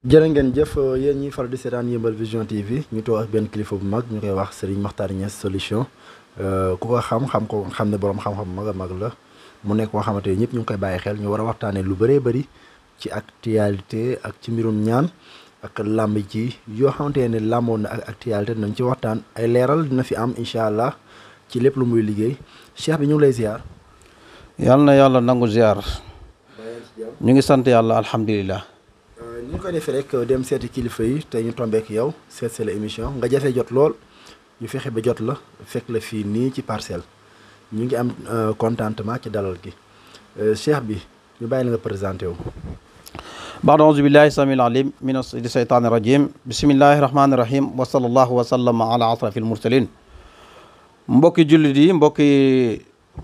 jërë ngeen jëf euh, yéen ñi faral di seetaan Yeumbeul Vision TV ñu toog ak benn kilifa bu mag ñu koy wax Serigne Makhtar Niass solution euh, ku ko xam xam ko xam ne borom xam-xam mag a mag la mu nekk koo xamante ne ñëpp ñu ngi koy bàyyi xel ñu war a waxtaanee lu bare bëri ci actualité ak ci mbirum ñaan ak làmb ji yoo xamante ne làmboon na ak actualité nañ ci waxtaan ay leeral dina fi am incha allah ci lépp lu muy liggéey cheikh bi ñu ngi lay ziar. yal na yàlla nangu ziar. ñu ngi sant yàlla alhamdulilah. ñu koy defee rek euh, dem seeti kilifa yi tey ñu tombeek yow seet see la émission nga jafe jot lool ñu fexe ba jot la fekk la fii nii ci parcelle ñu ngi am euh, contentement ci dalal gi euh, cheikh bi ñu bàyyi la nga présenté wu baado auzu billahi samil alim min asheytaani rajim bismillahi rahmaani rahim wa sallallahu wa sallama ala asrafil mursalin mbokki jullit yi mbokki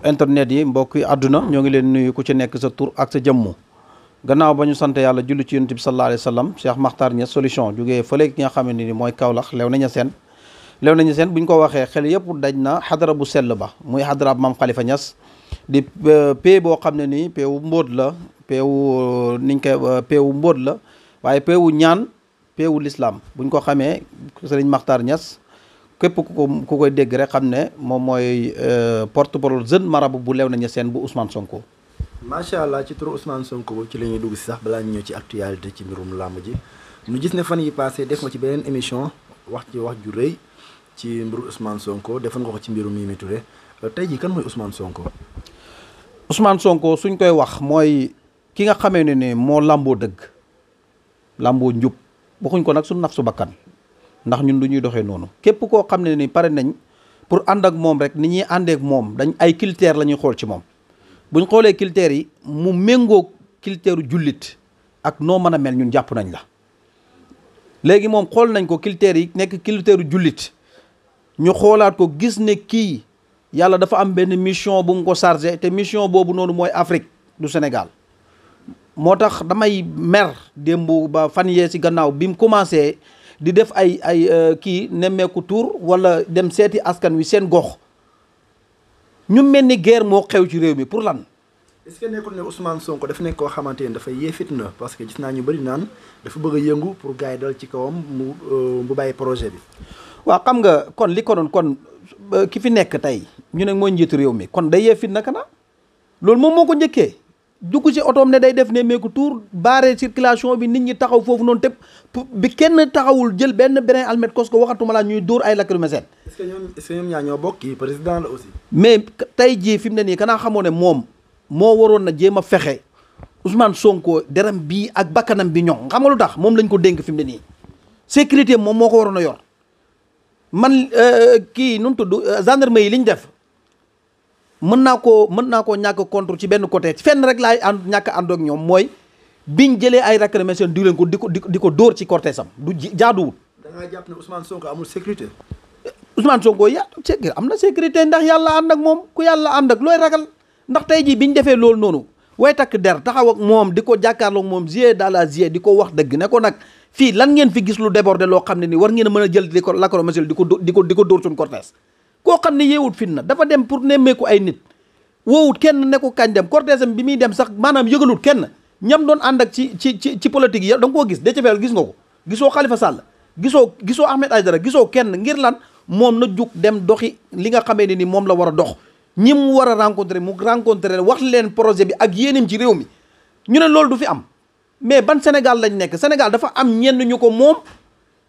internet yi mbokki àdduna ñoo ngi leen nuyu ku ci nekk sa tur ak sa jëmmu gannaaw ba ñu sante yàlla julli ci yonent bi sallallahu alayhi wa sallam Cheikh Makhtar Niass solution jógee fële ki nga xamante ni mooy Kaolack lew nañu seen lew nañu seen bu ñu ko waxee xel yëpp daj na xadara bu sell ba muy xadara maam Khalifa Niass di euh, pee boo xam ne nii peewu mbóot la peewu euh, niñ koy euh, peewu mbóot la waaye peewu ñaan peewu lislaam buñ ko xamee sëriñ Makhtar Niass képp ku ko ku koy dégg rek xam ne moom mooy porte-parole jeune marabout bu lew nañu seen bu Ousmane Sonko. macha allah ci turu Ousmane Sonko boobu ci la ñuy dugg si sax balaa ñu ñëw ci actualité ci mbirum làmb ji ñu gis ne fan yi passé def nga ci beneen émission wax ci wax ju rëy ci mbiru Ousmane Sonko defoon nga ko ci mbirum Mimi Touré euh, tey jii kan mooy Ousmane Sonko. usmaan Sonko suñ koy wax mooy ki nga xame ne ne moo làmboo dëgg làmboo njub waxuñ ko nag suñ naf su bakkan ndax ñun du ñuy doxee noonu képp koo xam ne ni pare nañ pour ànd ak moom rek ni ñuy àndeek moom dañ ay critères la ñuy xool ci moom. buñ xoolee critères yi mu méngoo critère jullit ak noo mën a mel ñun jàpp nañ la léegi moom xool nañ ko critères yi nekk critère jullit ñu xoolaat ko gis ne kii yàlla dafa am benn mission bu mu ko chargé te mission boobu noonu mooy Afrique du Sénégal moo tax damay mer démb ba fan yee ci gannaaw bi mu commencé di def ay ay euh, kii nemmeeku tour wala dem seeti askan wi seen gox ñu mel ni guerre moo xew ci réew mi pour lan. est-ce que nekkul ne Ousmane Sonko daf nekk koo xamante ne dafa yee fitna parce que gis naa ñu bëri naan dafa bëgg a yëngu pour gars yi dal ci kawam mu euh, mu bàyyi projet bi. waaw xam nga kon li ko doon kon euh, ki fi nekk tey ñu ne mooy njiitu réew mi kon day yee fitna kana loolu moom moo ko njëkkee. dugg ci otoom ne day def ne meeku tour barré circulation bi nit ñi taxaw foofu noonu tëpp bi kenn taxawul jël benn beneen almet kos ko waxatuma laa ñuy dóor ay lacrymogène. est-ce que ñoom est-ce que ñoom ñaa ñoo bokk président mais tey ji fi mu ne nii kanaa xamoo ne moom moo waroon na jéem a fexe Ousmane Sonko deram bii ak bakkanam bi ñoŋ xam nga lu tax moom lañ ko dénk fi mu ne nii sécurité moom moo ko waroon a yor man euh, kii nu mu tudd euh, gendarme yi li def mën naa ko mën naa koo ñàkk contre ci benn côté fenn rek laay ànd ñàkk ànd ak ñoom mooy biñ jëlee ay réclamation di leen ko di ko di ko dóor ci cortège sam du jaaduwul. da ngaa jàpp ne Ousmane Sonko amul sécurité. Ousmane ya am na sécurité ndax yàlla ànd ak moom ku yàlla ànd ak looy ragal ndax tey jii biñ defee loolu noonu way takk der taxaw ak moom di ko jàkkaarloog moom GIE dans la GIE di ko wax dëgg ne ko nag fii lan ngeen fi gis lu débordé loo xam ne ni war ngeen a mën a jël di ko lacrymogène di ko di ko di ko dóor suñu cortège koo xam ne yeewut fitna dafa dem pour nemmeeku ay nit woowut kenn nekku ko kañ dem cortège bi muy dem sax maanaam yëgalut kenn ñam doon ànd ak ci ci ci ci politique yi da nga koo gis Déthié Fall gis nga ko gisoo Khalifa Sall gisoo gisoo Ahmed Aïdara gisoo kenn ngir lan moom na jug dem doxi li nga xamee ne ni moom la war a dox ñi mu war a rencontrer mu rencontrer wax leen projet bi ak yéenim ci réew mi ñu ne loolu du fi am mais ban Sénégal lañ nekk Sénégal dafa am ñenn ñu ko moom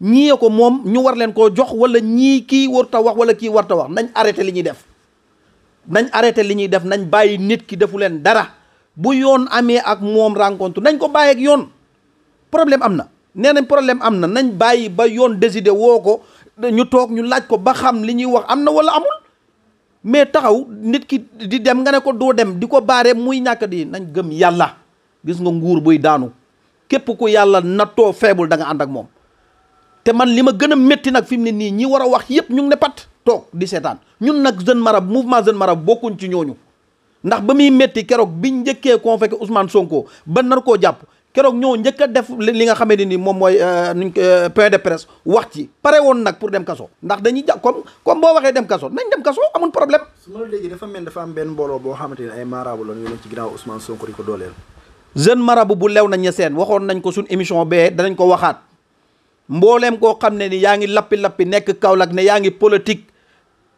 ñii ko moom ñu war leen koo jox wala ñii kii war ta wax wala kii war ta wax nañ arrêté li ñuy def nañ arrêté li ñuy def nañ bàyyi nit ki defu leen dara bu yoon amee ak moom rencontre nañ ko bàyyi yoon problème am na nee nañ problème am na nañ bàyyi ba yoon décidé woo ko ñu toog ñu laaj ko ba xam li ñuy wax am na wala amul mais taxaw nit ki di dem nga ne ko doo dem di ko baaree muy ñàkk di nañ gëm yàlla gis nga nguur buy daanu képp ku yàlla nattoo feebul da nga ànd ak moom te man li ma gën a métti nag fi mu ne nii ñi war a wax yépp ñu ngi ne pat toog di seetaan ñun nag jeune marab mouvement jeune marab bokkuñ ci ñooñu ndax ba muy métti keroog biñ njëkkee convoqué Ousmane Sonko ba nar koo jàpp keroog ñëw njëkk a def li nga xamante ni moom mooy euh, nuñ euh, point de presse wax ci pare woon nag pour dem kaso ndax dañuy jàpp comme comme boo waxee dem kaso nañ dem kaso amul problème. su ma la déggee dafa mel dafa am benn mbooloo boo xamante ne ay marabu la ñu leen ci ginnaaw Ousmane Sonko marabu bu lew nañ ña seen waxoon nañ ko suñ émission bee danañ ko waxaat. mbooleem koo xam ne ni yaa ngi lappi-lappi nekk Kaolack ne yaa ngi politique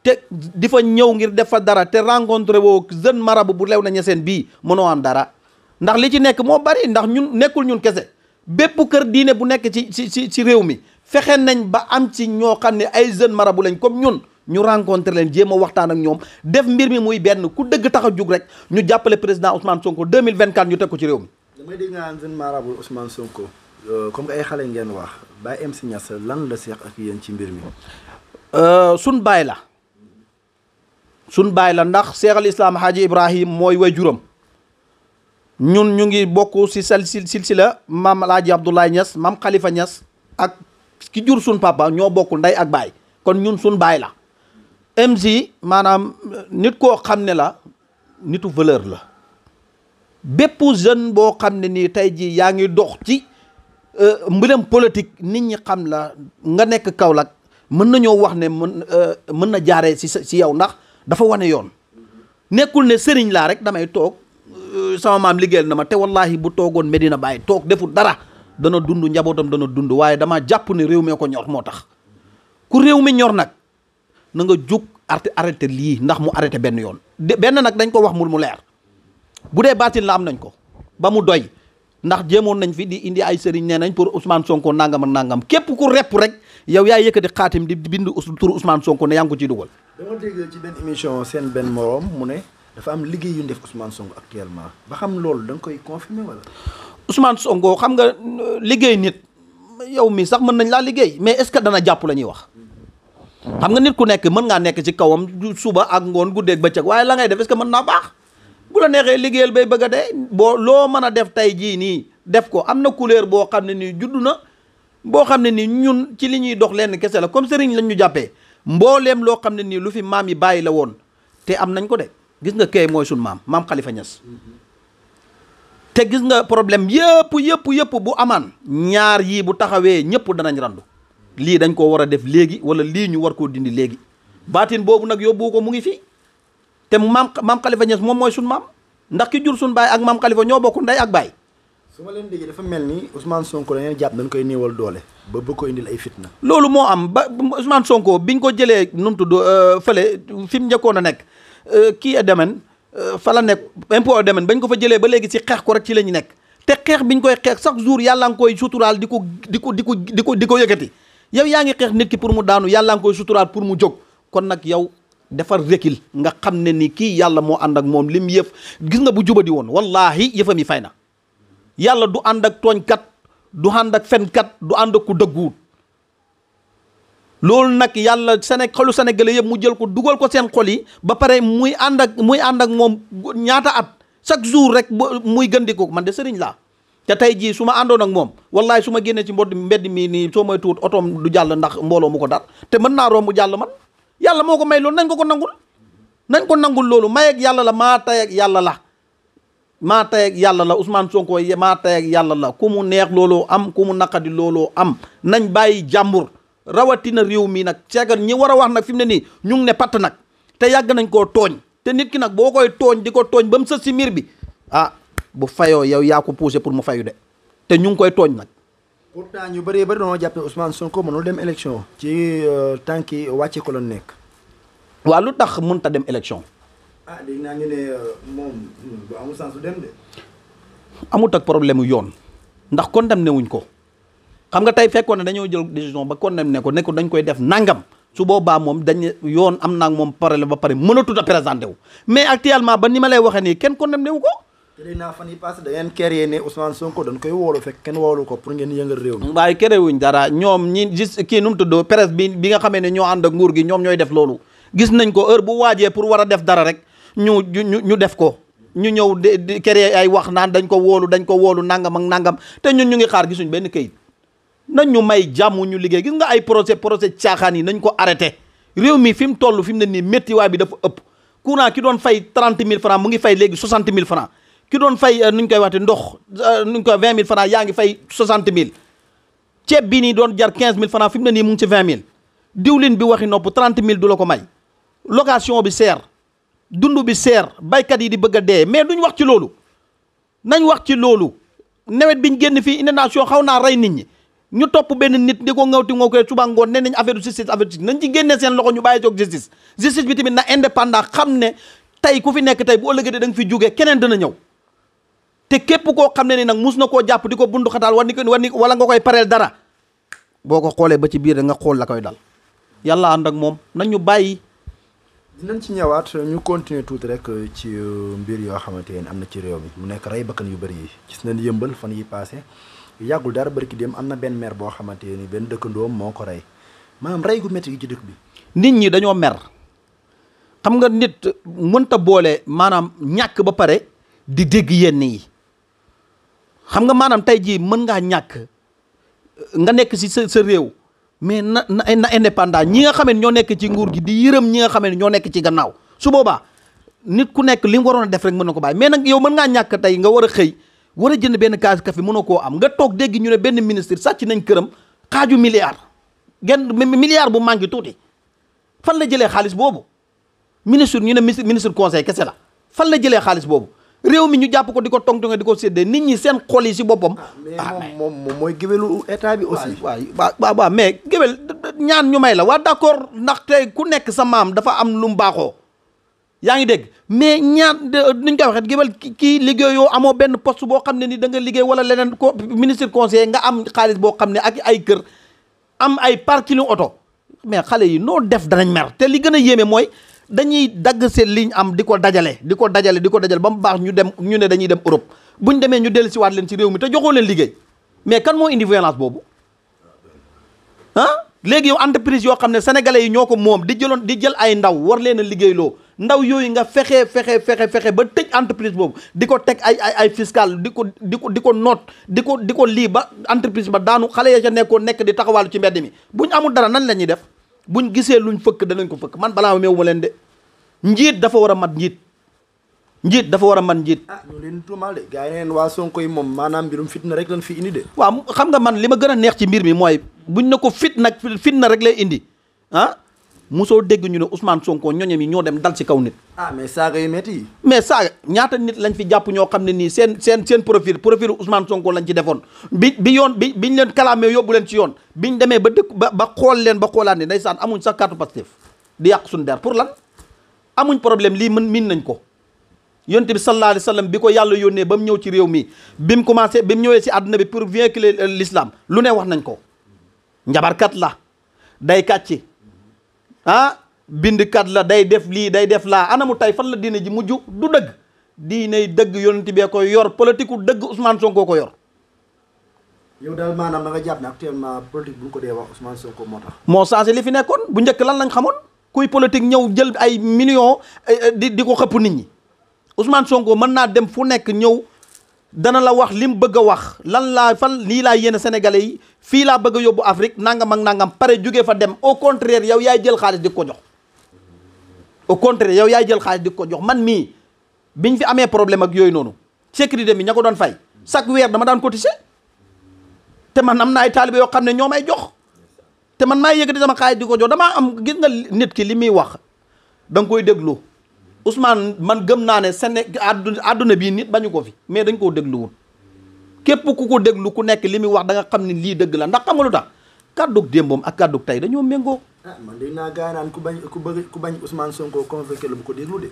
te di fa ñëw ngir def fa dara te rencontré woo jeune marabu bu lew na ñeseen bii mënoo am dara ndax li ci nekk moo bari ndax ñun nekkul ñun kese bépp kër diine bu nekk ci ci ci ci réew mi fexe nañ ba am ci ñoo xam ne ay jeune marabu lañ comme ñun ñu rencontré leen jéem a waxtaan ak ñoom def mbir mi muy benn ku dëgg tax a jug rek ñu jàppale président Ousmane Sonko Sonko. Euh, comme que ay xale ngeen wax Baye MC Niass lan la seex ak yéen ci mbir mi. Euh, sun baay la sun baay la ndax seex al islaam Haji Ibrahim mooy way waajuram ñun ñu ngi bokk si sel silsila maam Alaaji Abdoulaye Niass maam Khalifa Niass ak ki jur sun papa ñoo bokk ndey ak baay kon ñun sun baay la. MC maanaam nit koo xam ne la nitu valeur la bépp jeune boo xam ne nii tey jii yaa ngi dox ci. Euh, mbiram politique nit ñi xam la nga nekk Kaolack mën na nañoo wax ne mën euh, mën na jaaree si si yow ndax dafa wane yoon nekkul ne sëriñ laa rek damay toog euh, sama maam liggéeyal na ma te wallahi bu toogoon Medina bàyyi toog deful dara dana dund njabootam dana dund waaye dama jàpp ne réew mee ko ñor moo tax ku réew mi ñor nag na nga jóg arrêté arrêté lii ndax mu arrêté benn yoon benn nag dañ ko wax mu mu leer bu dee baatin la am nañ ko ba mu doy ndax jéemoon nañ fi di indi ay sëriñ nee nañ pour Ousmane Sonko nangam ak képp ku repp rek yow yaa yëkkati xaatim di bind turu Ousmane Sonko ne yaa ngi ko ciy dugal. dama dégg ci benn émission seen benn morom mu ne dafa am yu def Ousmane Sonko actuellement ba xam loolu danga koy confirmer wala. Ousmane Sonko xam nga euh, liggéey nit yow mi sax mën nañ laa liggéey mais est-ce que dana jàpp la ñuy wax. xam nga nit ku nekk mën ngaa nekk ci kawam suba ak ngoon guddeeg bëccëg waaye la ngay def est mën naa baax. bu la neexee liggéeyal bay bëgg a dee boo loo mën a def tey jii nii def ko am na couleur boo xam ne nii juddu na boo xam ne nii ñun ci li ñuy dox lenn kese la comme sëriñ lañ ñu jàppee mbooleem loo xam ne nii lu fi maam yi bàyyi la woon te am nañ ko de gis nga kay mooy suñ maam maam Khalifa ñas te gis nga problème yëpp yëpp yëpp bu amaan ñaar yii bu taxawee ñëpp danañ randu lii dañ ko war a def léegi wala lii ñu war koo dindi léegi baatin boobu nag yóbbu ko mu ngi fi te maam maam Khalifa Niass moom mooy suñ maam ndax ki jur baay ak maam Khalifa ñoo bokk ndey ak baay. su ma leen déggee dafa mel ni Ousmane Sonko da ngeen jàpp dañ koy néewal doole ba bëgg ko indil ay fitna. loolu moo am ba Ousmane Sonko bi ñu ko jëlee nu mu tudd euh, fële fi mu njëkkoon a nekk euh, kii a demen euh, fa la nekk impôt demen bañ ko fa jëlee ba léegi si xeex ko rek ci la ñu nekk te xeex biñ koy xeex chaque jour yàlla nga koy suturaal di ko di ko di ko di ko di ko yëkkati yow yaa ngi xeex nit ki pour mu daanu yàlla nga koy pour mu jóg kon yow defar rekil nga xam ne ni kii yàlla moo ànd ak moom lim yëf gis nga bu di woon wallaahi yëfam yi fay na yàlla du ànd ak tooñkat du ànd ak fenkat du ànd ak ku dëgguwut loolu nag yàlla Séné xolu sénégalais yëpp mu jël ko dugal ko seen xol yi ba pare muy ànd ak muy ànd ak moom ñaata at chaque jour rek muy gëndiko man de sëriñ laa te tey jii su ma àndoon ak moom wallahi su ma génnee ci mbodd mbedd mi nii soo may tuut otoom du jàll ndax mbooloo mu ko dar te mën naa romb jàll man yàlla moo ko may loolu nañ ko ko nangul nañ ko nangul loolu may ak yàlla la maa tay ak yàlla la maa tay ak yàlla la Ousmane Sonko maa tay ak yàlla la ku mu neex looloo am ku mu naqadi looloo am nañ bàyyi jàmbur rawatina réew mi nag ceegar ñi war a wax nag fi mu ne nii ñu ngi ne patt nag te yàgg nañ koo tooñ te nit ki nag boo koy tooñ di ko tooñ ba mu sës si miir bi ah bu fayoo yow yaa ko poussé pour mu fayu de te ñu ngi koy tooñ nag pour yu pourtant ñu bëree bëri dañoo jàppee Ousmane Sonko mënul dem élection. ci euh, tànk yi wàcce ko la nekk. waaw lu tax mënut a dem élection. ah dégg naa ñu ne euh, moom bu hmm, amul sens du dem amut ak problème yoon ndax condamné wuñ ko xam nga tey fekkoon ne dañoo jël décision ba condamné ko ne ko dañ koy def nangam su boobaa moom dañ yoon am naa moom pare la ba pare mënatut a présenté wu mais actuellement ba ni ma lay waxee nii kenn kon condamné wu ko. dégg naa fan yii passé da ngeen kéré ne Ousmane Sonko dañ koy woolu fekk kenn woolu ko pour ngeen yëngal réew mi. waaye kéré wuñ dara ñoom ñi gis kii nu mu tudd presse bi bi nga xamee ne ñoo ànd ak nguur gi ñoom ñooy def loolu gis nañ ko heure bu waajee pour war a def dara rek ñu ñu ñu def ko. ñu ñëw de kere ay wax naan dañ ko woolu dañ ko woolu nangam ak nangam te ñun ñu ngi xaar gisuñ benn këyit nañ ñu may jàmm ñu liggéey gis nga ay projet projet caaxaan yi nañ ko arrêté réew mi fi mu toll fi mu ne nii méttiwaay bi dafa ëpp courant ki doon fay trente mille franc mu ngi fay léegi soixante mille franc ki doon fay euh, nuñ koy waxte ndox euh, nuñ koy vingt mille francs yaa ngi fay soixante mille ceeb bii nii doon jar quinze mille francs fi mu ne nii mu ngi ci vingt mille diwlin bi waxi nopp trente mille du la ko may location bi seer dund bi seer baykat yi di bëgg a dee mais duñ wax ci loolu nañ wax ci loolu nawet biñ génn fii inondation xaw naa rey nit ñi ñu topp benn nit di ko ngawti nga koy suba ngoon ne nañ affaire justice affaire justice nañ ci génne seen loxo ñu bàyyi toog justice justice bi tamit na indépendant ku fi nekk tey bu ëllëgee da nga fi jógee keneen dana ñëw te képp koo xam ne ni nag mus na koo jàpp di ko bundu xataal war ni ko war ni wala nga koy pareel dara boo ko xoolee ba ci biir nga xool la koy dal yàlla ànd ak moom nañu ñu bàyyi. dinañ ci ñëwaat ñu continuer tuuti rek ci euh, mbir yoo xamante ne am na ci réew mi mu nekk rey bakkan yu bëri yi gis nañ yëmbal fan yi paase yàggul dara bërki dem am na benn mer boo xamante ni benn dëkkandoom moo ko rey maanaam rey gu métti yi ci dëkk bi. nit ñi dañoo mer xam nga nit mënta boole maanaam ñàkk ba pare di dégg yenn yi xam nga maanaam tey jii mën ngaa ñàkk nga nekk si sa sa réew mais na na indépendant ñi nga xam ñoo nekk ci nguur gi di yërëm ñi nga xam ne ñoo nekk ci gannaaw su boobaa nit ku nekk li mu waroon a def rek mën na ko bàyyi mais nag yow mën ngaa ñàkk tey nga war a xëy war a jënd benn kaas café mënoo koo am nga toog dégg ñu ne benn ministre sàcc nañ këram xaaju milliard genn milliard bu manqué tuuti fan la jëlee xaalis boobu ministre ñu ne ministre conseil kese la fan la jëlee xaalis boobu réew mi ñu jàpp ko di ko tong-tonge di ko séddee nit ñi seen xol si boppam. ah, ah mais moom moom mooy géwélu état bi aussi. waaw waaw waaw mais géwél ñaan ñu may la waa d'accord ndax tey ku nekk sa maam dafa am lu mu baaxoo. yaa ngi dégg mais ñaan nuñ koy waxee géwél kii liggéeyoo amoo benn poste boo xam ne nii da nga liggéey wala leneen ko ministre conseiller nga am xaalis boo xam ne ak ay kër am ay parking oto mais xale yi noo def danañ mer te li gën a yéeme mooy. dañuy dagg seen liñ am di ko dajale di ko dajale di ko dajale ba mu baax ñu dem ñu ne dañuy dem Europe buñ demee ñu dellu siwaat leen ci réew mi te joxoo leen liggéey mais kan moo indi boobu ah léegi yow entreprise yoo xam ne sénégalais yi ñoo ko moom di jëloon di jël ay ndaw war leen a liggéeyloo ndaw yooyu nga fexe fexe fexe fexe ba tëj entreprise boobu di ko teg ay ay ay fiscal di ko di ko di ko noot di ko di ko lii ba entreprise ba daanu xale ya ca nekkoon nekk di taxawaalu ci mbedd mi buñ amul dara nan la ñuy def buñ gisee luñ fëkk danañ ko fëkk man balaa meewu ma leen de njiit dafa war a mat njiit njiit dafa war a mat njiit. ah loolu leen tuumaal de gars yi neen waa Sonko moom maanaam mbirum na rek lañ fi indi de. waaw xam nga man li ma gën a neex ci mbir mi mooy buñ ne ko fit nag na rek lay indi ah mosoo dégg ñu ne Ousmane Sonko ñoñam yi ñoo dem dal ci kaw nit. ah mais saaga yu ñaata nit lañ fi jàpp ñoo xam ne nii seen seen seen profil profil Ousmane Sonko lañ ci defoon bi bi yoon bi bi biñ leen kalaamee yóbbu leen ci yoon biñ demee ba dëkk ba ba xool leen ba xoolaat ne ndeysaan amuñ sax carte Pastef di yàq suñu der pour la amuñ problème lii mën miin nañ ko. yonte bi sallallahu alayhi wa sallam bi ko yàlla yónnee ba mu ñëw ci réew mi bi mu commencé bi mu ñëwee si àdduna bi pour véhiculer l'islam lu ne wax nañ ko njabarkat la day ah kat la day def lii day def laa anamu tey fan la diine ji mujj du dëgg diiney dëgg yonent bee ko yor politique dëgg Ousmane Sonko ko yor. yow daal maanaam da nga jàpp actuellement politique bu ko dee wax Ousmane Sonko moo tax. moo changé li fi nekkoon bu njëkk lan lañ xamoon kuy politique ñëw jël ay million eh, eh, di ko xëpp nit ñi Ousmane Sonko mën naa dem fu nekk ñëw. dana la wax li mu bëgg a wax lan laa fan lii laa yéene sénégalais yi fii laa bëgg yóbbu Afrique nangam ak nangam pare jóge fa dem au contraire yow yaay jël xaalis di ko jox. au contraire yow yaay jël xaalis di ko jox man mii biñ fi amee problème ak yooyu noonu sécurité mi ña ko doon fay chaque weer dama daan cotiser te man am na ay yoo xam ne ñoo may jox te man maa yëkkati sama xaalis di ko jox damaa am gis nga nit ki li muy wax danga koy déglu. Ousmane man gëm naa ne Séné àdduna bii nit bañu ko fi mais dañ koo dégluwul képp ku ko déglu ku nekk li muy wax danga xam ne lii dëgg la ndax xam nga lu tax ak kàddug tey dañoo méngoo. Ah, naa gaa naan ku bañ ku bëgg ku bañ Ousmane Sonko convoqué la ko déglu de.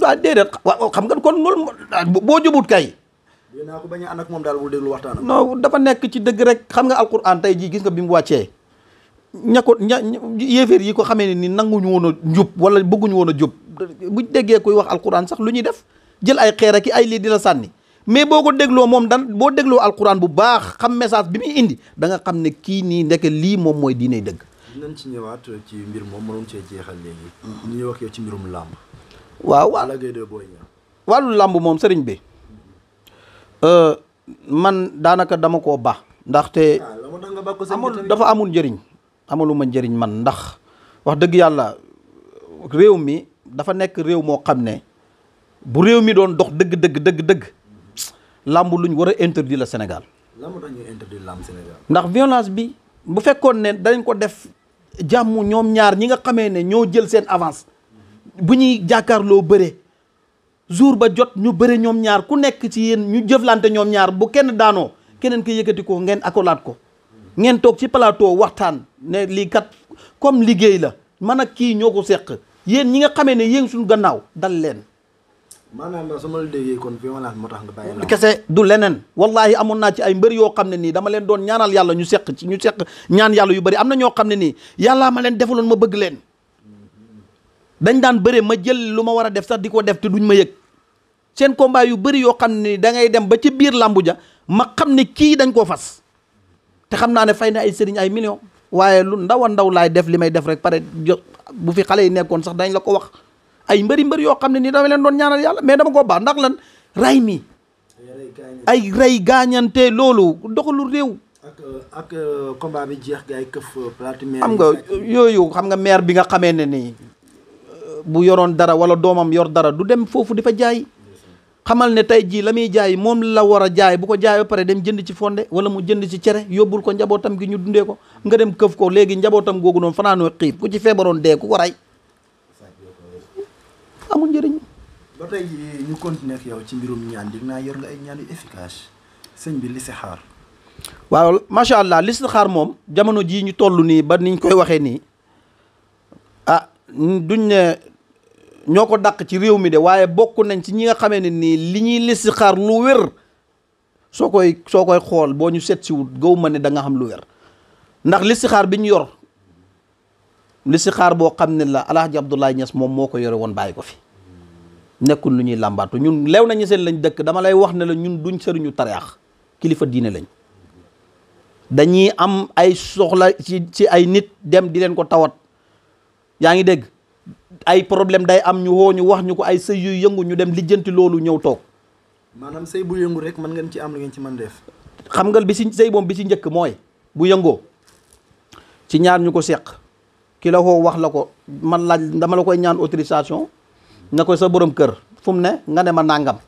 waaw déedéet waaw xam nga kon loolu boo jubut kay. dinaa ko bañ a ànd moom daal bu déglu waxtaan non dafa nekk ci dëgg rek xam nga alquran tey jii gis nga bi mu wàccee. ña ko ña yéeféer yi ko xamee ne ni nanguñu woon a njub wala bëgguñu woon a jub buñ déggee kuy wax alquran sax lu ñuy def jël ay xeer ak ay lii di la sànni mais boo ko dégloo moom dan boo dégloo alquran bu baax xam message bi muy indi da nga xam ne kii nii ndeke lii moom mooy diiney dëgg. dinañ ci ñëwaat ci mbir moom mënoon cee jeexal léegi. ñu ñuy wax yow ci mbirum làmb. waaw waaw wàllu làmb moom sëriñ bi euh, man daanaka dama koo ba ndaxte ah, amul dafa amul njëriñ amalu ma njëriñ man ndax wax dëgg yàlla réew mi dafa nekk réew moo xam ne bu réew mi doon dox dëgg dëgg dëgg làmb luñ war a interdire la Sénégal. làmb Sénégal. ndax violence bi bu fekkoon ne dañ ko def jàmm ñoom ñaar ñi nga xamee ne ñoo jël seen avance bu ñuy jàkkaarloo bëre jour ba jot ñu bëre ñoom ñaar ku nekk ci yéen ñu jëflante ñoom ñaar bu kenn daanoo keneen ki yëkkati ko ngeen akolaat ko. ngeen toog ci plateau waxtaan ne lii kat comme liggéey la man ak kii ñoo ko seq yéen ñi nga xamee ne yéen suñu gannaaw dal leen. maanaam su ma la déggee kon violence moo tax nga bàyyi. kese du leneen. wallahi amoon naa ci ay mbër yoo xam ne nii dama leen doon ñaanal yàlla ñu seq ci ñu seq ñaan yàlla yu bëri am na ñoo xam ne nii yàllaa ma leen defaloon ma bëgg leen. dañ daan bëre ma jël lu ma war a def sax di ko def te duñ ma yëg seen combat yu bari yoo xam ne da ngay dem ba ci biir làmbu ja ma xam ne kii dañ koo fas te xam naa ne fay na ay sëriñ ay millions. waaye lu ndawa ndaw laay def li may def rek pare jo bu fi xale yi nekkoon sax dañ la ko wax ay mbëri mbër yoo xam ne nii dama leen doon ñaanal yàlla mais dama koo baax ndax lan ray mii ay ray gaañante loolu doxalu réew ak ak combat bi jeex gaay këf xam nga yooyu xam nga maire bi nga xamee ne nii bu yoroon dara wala doomam yor dara du dem foofu di jaay xamal ne tey jii la muy jaay moom la war a jaay bu ko jaay pare dem jënd ci fonde wala mu jënd ci cere yóbbul ko njabootam gi ñu dundee ko nga dem këf ko léegi njabootam googu noonu fanaanoo xiif ku ci feebaroon dee ku ko rey amul njëriñ ba tey ci mbirum naa yor nga ay ñaan yu sëñ bi listixaar waaw macha allah listixaar moom jamono jii ñu toll nii ba niñ koy waxee nii ah duñ ne ñoo ko dàq ci réew mi de waaye bokk nañ ci ñi nga xamee ne nii li ñuy listixaar lu wér soo koy soo koy xool boo ñu seet si wut gaw ma ne danga xam lu wér ndax listixaar bi ñu yor listixaar boo xam ne la Alaaji Abdoulaye ñas moom moo ko yore woon bàyyi ko fi nekkul lu ñuy làmbaatu ñun lew nañu seen lañ dëkk dama lay wax ne la ñun duñ sëriñu tariyaax kilifa diine lañ dañuy am ay soxla ci ci ay nit dem di leen ko tawat yaa ngi dégg ay problème day am ñu woo ñu wax ñu ko ay sëy yëngu ñu dem lijjanti loolu ñëw toog. maanaam sëy bu yëngu rek mën ngeen ci am lu ngeen ci man def. xam nga bi si sëy moom bi si njëkk mooy bu yëngoo ci ñaar ko seq ki la wax la ko man laaj dama la koy ñaan autorisation nga koy sa boroom kër fu mu ne nga ne ma nàngam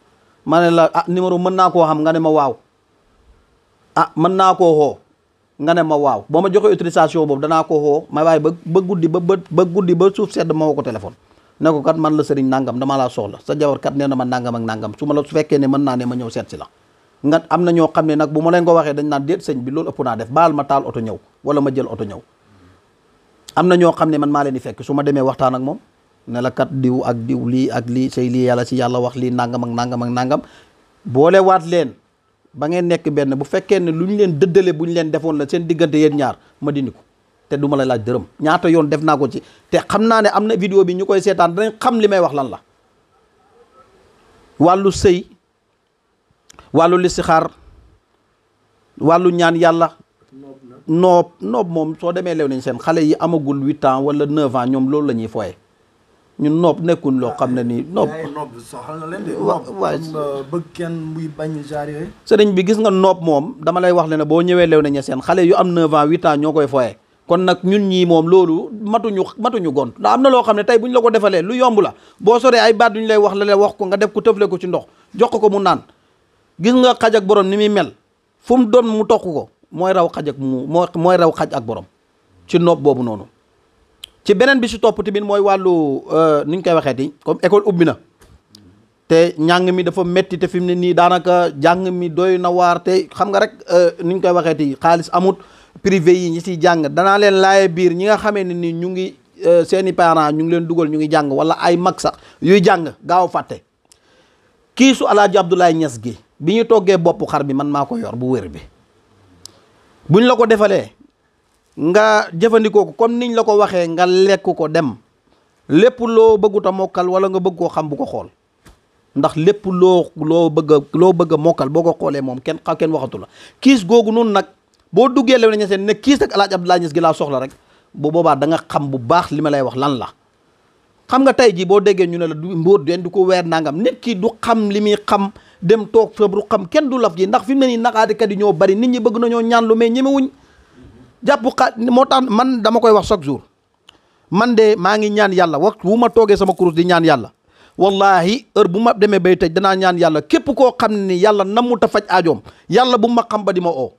ma ne la ah numéro mën naa koo xam nga ne ma waaw ah mën naa ko woo nga ne ma waaw boo ma joxee autorisation boobu danaa ko xoo ma waaye ba ba guddi ba ba guddi ba suuf sedd ma woo ko téléphone ne kat man la sëriñ nangam dama laa soxla sa jawar kat nee na ma nangam ak nangam su ma la su ne mën naa ne ma ñëw seet la nga am na ñoo xam ne nag bu leen ko waxee dañ naan déet sëñ bi loolu ëpp naa def baal ma taal oto ñëw wala ma jël oto ñëw am na ñoo xam ne man maa leen di fekk su ma demee waxtaan moom ne la kat diw ak diw lii ak lii say lii yàlla si yàlla wax lii nangam ak nangam ak nangam boole waat leen ba ngeen nekk benn bu fekkee ne lu ñu leen dëddale bu ñu leen defoon la seen diggante yéen ñaar ma dindi ko te duma la laaj dërëm ñaata yoon def naa ko ci te xam naa ne am na vidéo bi ñu koy seetaan danañ xam li may wax lan la wàllu sëy wàllu xar wàllu ñaan yàlla noob noob moom soo demee lew nañ seen xale yi amagul huit ans wala neuf ans ñoom loolu la ñuy fooye ñun noob nekkul loo xam ne nii noob waay bëgg kenn muy bañ genre yooyu sëriñ bi gis nga noob moom dama lay wax le ne boo ñëwee lew na ña seen xale yu am 9 ans 8 ans ñoo koy foye kon nag ñun ñi moom loolu matuñu matuñu gont ndax am na loo xam ne tey bu ñu la ko defalee lu yomb la boo soree ay baat duñu lay wax la la wax ko nga def ko tëfle ko ci ndox jox ko mu naan gis nga xaj ak borom ni muy mel fu mu doon mu toq ko mooy raw xaj ak mu mooy raw xaj ak borom ci noob boobu noonu ci beneen bi si topp tamit mooy wàllu euh, nuñ koy waxee waxeeti comme école ubbi na te njàng mi dafa métti te fi mu ne nii daanaka jàng mi doy na waar te xam nga rek euh, nuñ koy waxee waxeeti xaalis amut privé yi ñi si jàng danaa leen laaye biir ñi nga xamee ne ni ñu ngi euh, seeni parent ñu ngi leen dugal ñu ngi jàng wala ay mag sax yuy jàng gaaw fàtte kiisu su alaaji Abdoulaye gi bi ñu toggee bopp xar bi man maa ko yor bu wér bi buñ la ko defalee nga jëfandikoo ko comme niñ la ko waxee nga lekk ko dem lépp loo bëggut a mokkal wala nga bëgg koo xam bu ko xool ndax lépp loo loo bëgg a loo bëgg mokkal boo ko xoolee moom kenn xaw kenn waxatu la kiis googu noonu nag boo duggee lew na seen ne kiis ak alaaj Abdoulaye Niass gi laa soxla rek bu boobaa da xam bu baax li ma lay wax lan la xam nga tey jii boo déggee ñu ne la du mbóot den du ko weer nangam nit kii du xam li muy xam dem toog fa du xam kenn du laf ji ndax fi mu ne nii naxaatikat yi ñoo bari nit ñi bëgg nañoo ñaan mais ñemewuñ jàpp xa moo tax man dama koy wax chaque jour man de maa ngi ñaan yàlla wax wu ma toogee sama kurus di ñaan yàlla wallahi heure bu ma demee bay tëj danaa ñaan yàlla képp koo xam ni yàlla namu ta faj aajoom yàlla bu ma xam ba di ma oo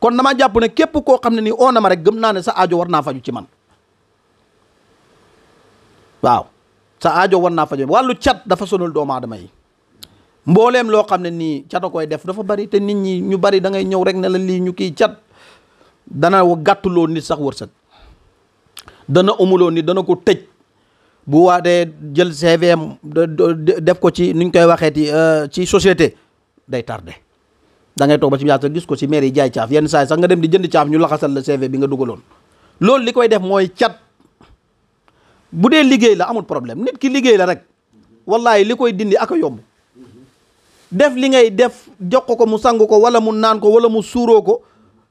kon dama jàpp ne képp koo xam ne nii oo na ma rek gëm naa ne sa aajo war naa faju ci man waaw sa aajo war naa faju wàllu cat dafa sonal doomu aadama yi mbooleem loo xam ne nii cat koy def dafa bari te nit ñi ñu bari da ngay ñëw rek ne la lii ñu kii cat dana gàttuloo nit sax wërsëg dana umuloo nit dana ko tëj bu waatee jël CVM def ko ci nuñ koy waxeeti euh, ci société day tarde da ngay toog ba ci yaatu gis ko ci maire yi jaay caaf yenn saa yi sax nga dem di jënd caaf ñu laxasal la CV bi nga dugaloon loolu li koy def mooy cat bu dee liggéey la amul problème nit ki liggéey la rek wallahi li koy dindi ak a yomb def li ngay def jox ko ko mu sang ko wala mu naan ko wala mu suuroo ko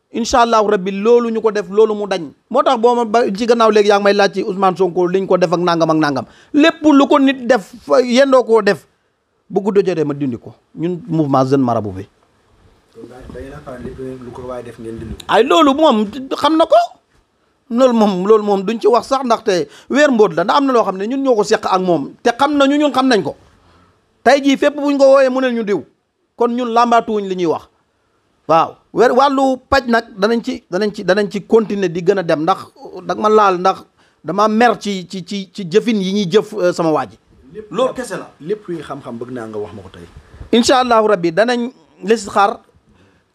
incha allahu rabbi loolu ñu ko def loolu mu dañ moo tax boo ma ba ci gannaaw léegi yaa may laaj ci Ousmane Sonko liñ ko def ak nangam ak nangam lépp lu ko nit def yendoo koo def bu gudd jotee ma dindi ko ñun mouvement jeune marabout bi. lu def ngeen ay loolu moom xam na ko loolu moom loolu moom duñ ci wax sax ndaxte weer mboot la ndax am na loo xam ne ñun ñoo ko seq ak moom te xam ñu ñun xam nañ ko tey jii fépp buñ ko wooyee mu ne ñu diw kon ñun wuñ li ñuy wax. waaw wér wàllu paj nag danañ ci danañ ci danañ ci continuer di gën a dem ndax dag ma laal ndax dama mer ci ci ci ci jëfin yi ñuy jëf euh, sama waa ji loolu kese la lépp luy xam-xam bëgg naa nga wax ma ko tey incha allahu rabbi danañ listixaar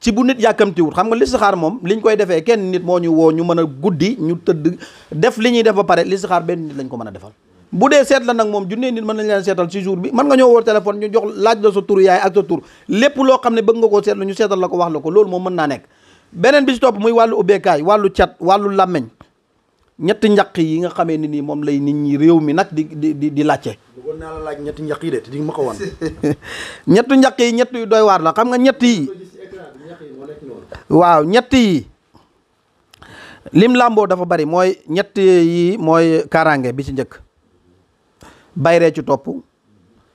ci bu nit yàkkamtiwul xam nga listixaar moom liñ koy defee kenn nit moo ñu woo ñu mën a guddi ñu tëdd def li ñuy def ba pare listixaar benn nit lañ ko mën a defal bu dee seet la nag moom junne nit mën na leen seetal ci jour bi mën nga ñoo woo téléphone ñu jox laaj la sa tur yaay ak sa tur lépp loo xam ne bëgg nga koo seetlu ñu seetal la ko wax la ko loolu moom mën naa nekk beneen bi ci topp muy wàllu ubbeekaay wàllu cat wàllu làmmeñ ñetti njaq yi nga xamee ni nii moom lay nit ñi réew mi nag di di di di laajte. bëggoon naa la laaj ñetti njaq yi de te ma ko wan. ñetti njaq yi ñett yu waar la xam nga ñett yi. waaw ñetti yi. lim làmboo dafa bari mooy ñett yi mooy kaaraange bi ci njëkk bayree ci topp